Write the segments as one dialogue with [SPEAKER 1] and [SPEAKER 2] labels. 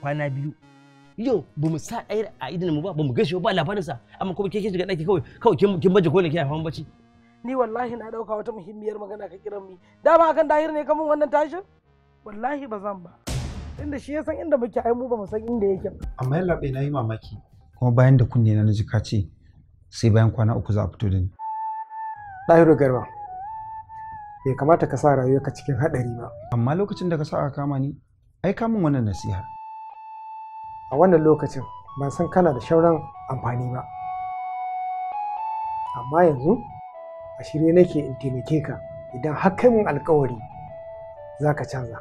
[SPEAKER 1] kwana biyu yau ba mu sa ɗaya a idan mu ba ba mu gaishe ba labarinsa amma kuma ke shiga ɗaki kawai kawai kin baje ne? kina hawan bacci ni wallahi na ɗauka wata muhimmiyar magana ka kiran mi dama akan dahir ne kamun wannan tashin wallahi ba zan ba inda shi ya san inda muke ai mu ba mu san inda yake
[SPEAKER 2] amma yalla bai na yi mamaki kuma bayan da kunne na ji ka ce sai bayan kwana uku za a fito da ni
[SPEAKER 1] dahiru garba bai kamata ka sa rayuwarka cikin haɗari ba amma lokacin da ka sa aka kama ni ai kamun wannan nasiha a wannan lokacin ban san kana da shauran amfani ba amma yanzu a shirye nake in taimake ka idan har kai mun alkawari za ka canza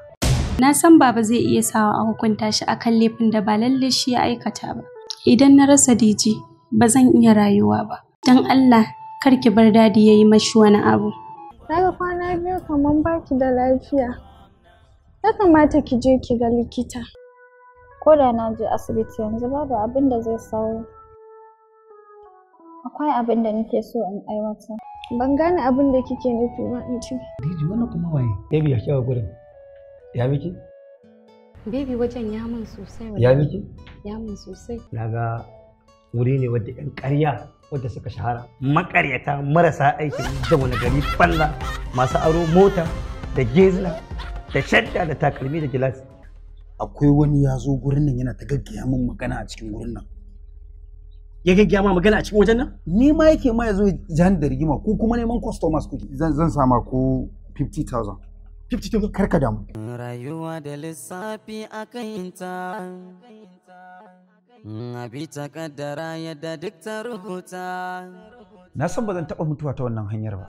[SPEAKER 2] na san baba zai iya sawa a hukunta shi akan laifin da ba lalle shi ya aikata ba idan na rasa diji ba zan iya rayuwa ba don allah kar ki bar dadi ya yi mashi wani abu
[SPEAKER 1] daga kwana
[SPEAKER 2] biyu kamar baki da lafiya ya kamata ki je ki ga likita ko da na je asibiti yanzu babu abin da zai sauya akwai abin da nake so in aiwata. ban gane abin da kike nufi ba in ci Diji wannan kuma waye baby ya kiyawa gurin ya miki baby wajen ya min sosai ya miki ya min sosai ga wuri ne wadda yan ƙarya wadda suka shahara makaryata marasa aiki da wani gari balla masu aro
[SPEAKER 1] mota da gezla da shadda da takalmi da gilas akwai wani ya zo gurin nan yana ta gaggaya min magana a cikin gurin nan ya gaggaya ma magana a cikin wajen nan ni ma yake ma ya zo jan da rigima ko kuma neman customers kuke zan zan sama ko 50000 50000 karka damu rayuwa da lissafi a kayinta abi ta kaddara yadda duk ta rubuta
[SPEAKER 2] na san ba zan taba mutuwa ta wannan hanyar ba